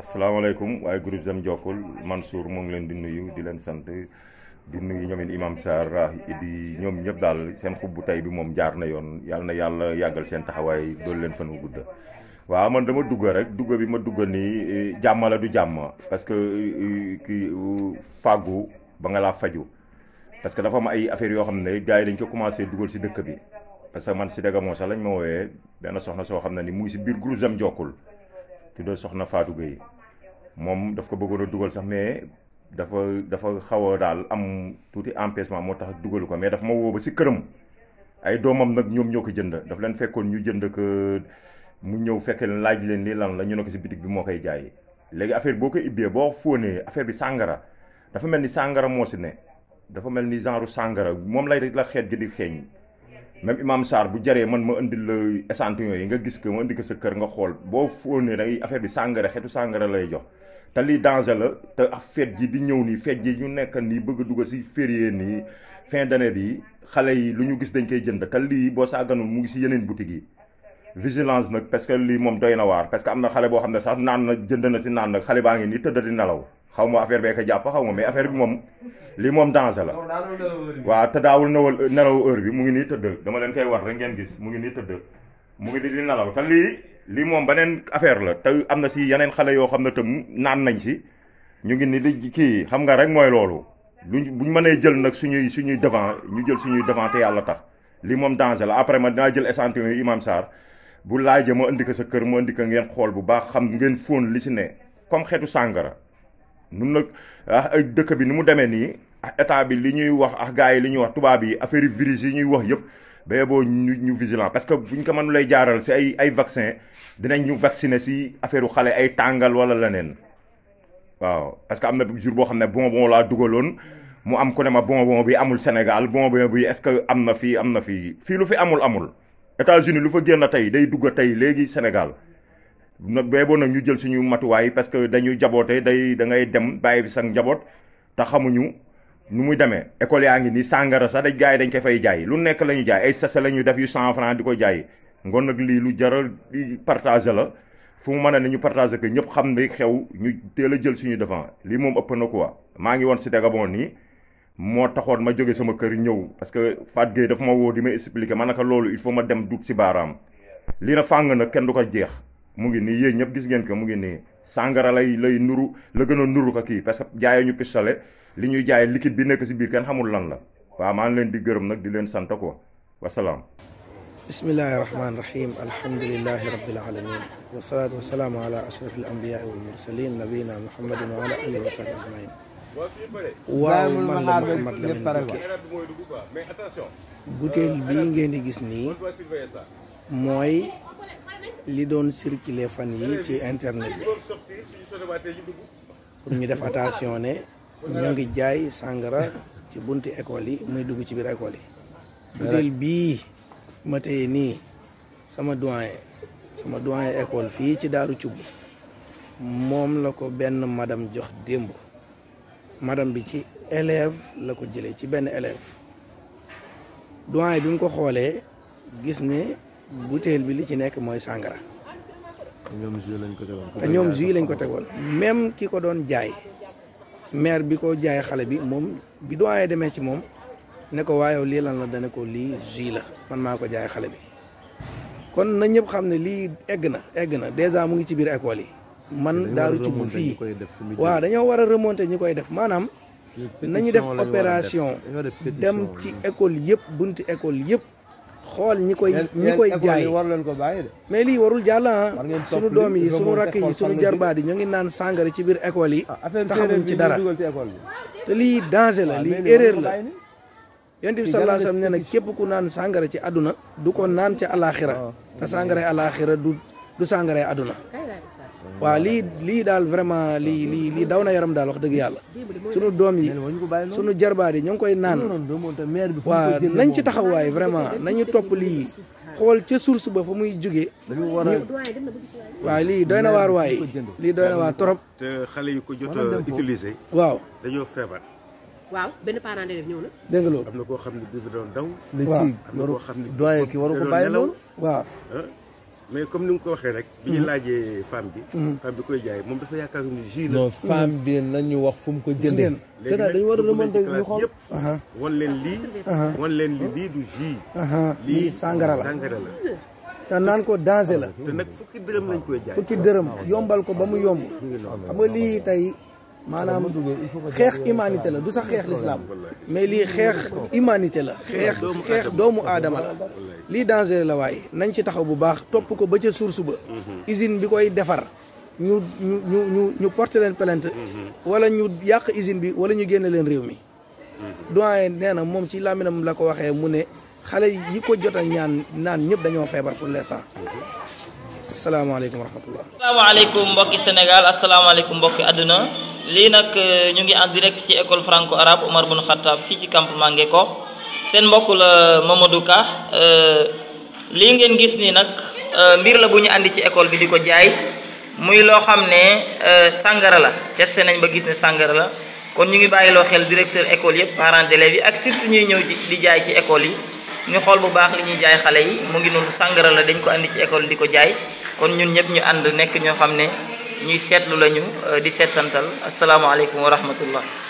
Assalamualaikum, way groupe Jam jokul Mansour mo ngi len di nuyu di len sante di nuyu ñoom imam Sarr di ñom ñep dal seen xubbu tay bi mom jaar na yoon yalla na yalla yagal seen taxaway doolu len fan wu gudda man dama dugg rek dugg bi ma dugg ni jàmm la du jàmm parce que ki fagu ba nga la faju parce que dafa am ay affaire yo xamne gaay dañ ko commencer duggal ci dekk bi parce que man ci dega mo sax lañ ma wooyee ben soxna so xamne ni muy si bir groupe Jam jokul tuddee soxna Fatou Gueye moom daf ko bëggoon dugal sax mais dafa dafa xaw a daal am tuuti empêchement moo tax dugalu ko mais daf ma woo si këram ay doomam nag ñoom ñoo ko jënd daf leen fekkoon ñu jënd ko mu ñëw fekkee leen laaj leen lii lan la ñu ne ko si bitig bi moo koy jaay léegi affaire boo ko ibbee boo fóonee affaire bi sàngara dafa mel ni sàngara moo si ne dafa mel ni genre sàngara moom lay la xeet gi di xeeñ même Imam Sarr bu jaree man ma indil la échantillon yi nga gis ko ma indi ko sa kër nga xool boo fóonee da ngay affaire bi sàngara xeetu sàngara lay jox te lii danger la te ak fête ji di ñëw nii fet ji ñu nekk nii bëgg dugg si férié nii fin d'année bi xale yi lu ñu gis dañ koy jënd te lii boo sàgganul mu ngi si yeneen boutique yi vigilance nag parce que lii moom doy na waar parce que am na xale boo xam ne sax naan na jënd na si naan nag xale baa ngi nii tëdd di nelaw xaw ma affaire bee ko jàpp xaw ma mais affaire bi moom lii moom danger la waaw te daawul nawal nelaw heure bi mu ngi nii tëdd dama leen koy war rek ngeen gis mu ngi nii tëdd mu ngi di di nelaw te lii lii moom beneen affaire la te am na si yeneen xale yoo xam ne tam naan nañ si ñu ngi nii di kii xam nga rek mooy loolu bu buñ mënee jël nag suñuy suñuy devant ñu jël suñuy devant te yàlla tax lii moom danger la après ma dinaa jël échantillon yi Imam Sarr bu laajee ma indi ko sa kër ma ngeen xool bu baax xam ngeen fóon li si ne comme xeetu sàngara nu nag ah dëkk bi ni mu demee nii ah, état bi li ñuy wax ak ah, gars yi li ñuy wax tubaab yi affaire virus yi ñuy wax yëpp ba boo ñu ñu vigilant parce que buñ ko mënu lay jaaral si ay ay vaccin dinañ ñu vacciner si affaire xale ay tàngal wala leneen waaw parce que am na jour boo xam ne bonbon laa dugaloon mu am ku ne ma bonbon bi amul Sénégal bonbon bi est-ce que am na fii am na fii fii lu fi amul amul États-Unis lu fa génn tey day dugg tey léegi Sénégal nag beeboon nag ñu jël suñu matuwaay parce que dañuy jaboote day da ngay dem bàyyi fi sax njaboot te xamuñu nu muy demee école yaa ngi nii sàngara sax dañ gars yi dañ ko fay jaay lu nekk la ñuy jaay ay sase la ñuy def yu cent franc di ko jaay ngoon nag lii lu jaral partager la fu mu mën a ne ñu partager que ñëpp xam ne xew ñu teel a jël suñu devant lii moom ëpp na quoi maa ngi woon si Dagabon nii moo taxoon ma jóge sama kër ñëw parce que Fat dafa ma woo di ma expliquer ma naka loolu il faut ma dem dut si baaraam lii na kenn du ko jeex mu ngi ni yeen ñep gis ngeen ko mu ngi ni sangara lay lay nuru la gën nuru ko ki parce que jaay ñu pistolet li ñu jaay liquide bi nekk ci biir kan xamul lan la wa ma ngi leen di gërëm nak di leen sant ko wasalaam bismillahi rahmani rahim alhamdulilahi rabbil alamin wa salam ala ashraf anbiya wal mursalin nabiyina muhammadin wa ala alihi wa sahbihi ajmain waaw man la muhammad mais attention bouteille bi ngeen di gis ni moy li doon circuler fan yi ci internet bi pour ñu def attention ne ñoo ngi jaay sàngara ci bunti école yi muy dugg ci biir école yi butéel bii ma téye nii sama doyen sama doyen école fii ci daaru cubb moom la ko benn madam jox démb madam bi ci élève la ko jëlee ci benn élève doyen bi mu ko xoolee gis ne butéel bi li ci nekk mooy sàngara ñoom jus lañ ko tegoon te ñoom jus lañ ko tegoon même ki ko doon jaay maire bi ko jaay xale bi moom bi doyen demee ci moom ne ko waayow lii lan la dana ko lii jus la man maa ko jaay xale bi kon na ñëpp xam ne lii egg na egg na dèjà mu ngi ci biir école yi man daaru ci bu fii waaw dañoo war a remonter ñi koy def maanaam nañu def opération dem ci école yëpp bunti école yëpp xool ñi koy ñi koy jaay war leen ko bàyyi de lii warul jàll ah sunu doom yi sunu rakk yi sunu jarbaat yi ñu ngi naan sàngara ci biir école yi ah, taxamuñ ci dara te lii danger la lii erreur la yonent bi sallallahu alayhi wasallam nee nag képp ku naan sàngara ci àdduna du ko naan ci alaxira ah. te sàngara alaxira du du sàngara àdduna waaw lii lii daal vraiment lii lii lii daw na yaram daal wax dëgg yàlla sunu doom yi sunu jarbaat yi ñu ngi koy naan waaw nañ ci taxaw waaye vraiment nañu topp lii xool ca source ba fa muy jógee waa lii doy na waar waaye lii doy na waar trop te xale yu ko jot a utiliser waaw dañoo feebar waaw benn parent d'élève ñëw na. dégg nga loolu na koo xam ne bii bi am na koo xam ne ki waru ko bàyyi mais comme ni nga ko waxee rek. bi ñu mm-hmm. laajee femme bi. Mm-hmm. femme koy jaay moom dafa yaakaar ni jus la. non femme bi nañu wax fu mu ko jëndee. léegi nag dañu war a remonter ñu xool wan leen lii. wan leen li lii du jus. lii sangara la la. te naan ko danger la. te nag fukki dërëm lañ koy jaay. fukki dërëm yombal ko ba mu yomb. xam nga lii tey. maanaam xeex humanité la du sax xeex l'islam mais lii xeex humanité la. xeex xeex doomu aadama la. lii danger la waay nañ ci taxaw bu baax topp ko ba ca source ba mhm. usine bi koy defar ñu ñu ñu ñu porter leen plainte mhm. wala ñu yàq usine bi wala ñu génne leen réew mi mhm. doyen nee na moom ci làmminam la ko waxee mu ne xale yi ko jot a ñaan naan ñëpp dañoo feebar pour l'instant asalaamaaleykum wa rahmatullah asalaamaaleykum mbokki Sénégal asalaamaaleykum mbokki àdduna lii nag euh, ñu ngi en direct ci école franco arabe Omar Bun Khattab fii ci campement Ngeko seen mbokk la Mamadou Ka euh, lii ngeen gis nii nag euh, mbir la bu ñu andi ci école bi di ko jaay muy loo xam ne euh, sàngara la testé nañ ba gis ne sàngara la kon ñu ngi bàyyiloo xel directeur école yëpp parents d'élèves yi ak surtout ñuy ñëw ci di jaay ci école yi ñu xool bu baax li ñuy jaay xale yi mu ngi noonu sàngara la dañ ko andi ci école di ko jaay kon ñun ñëpp ñu ànd nekk ñoo xam ne ñuy seetlu lañu di seetantal asalaamaaleykum wa rahmatullah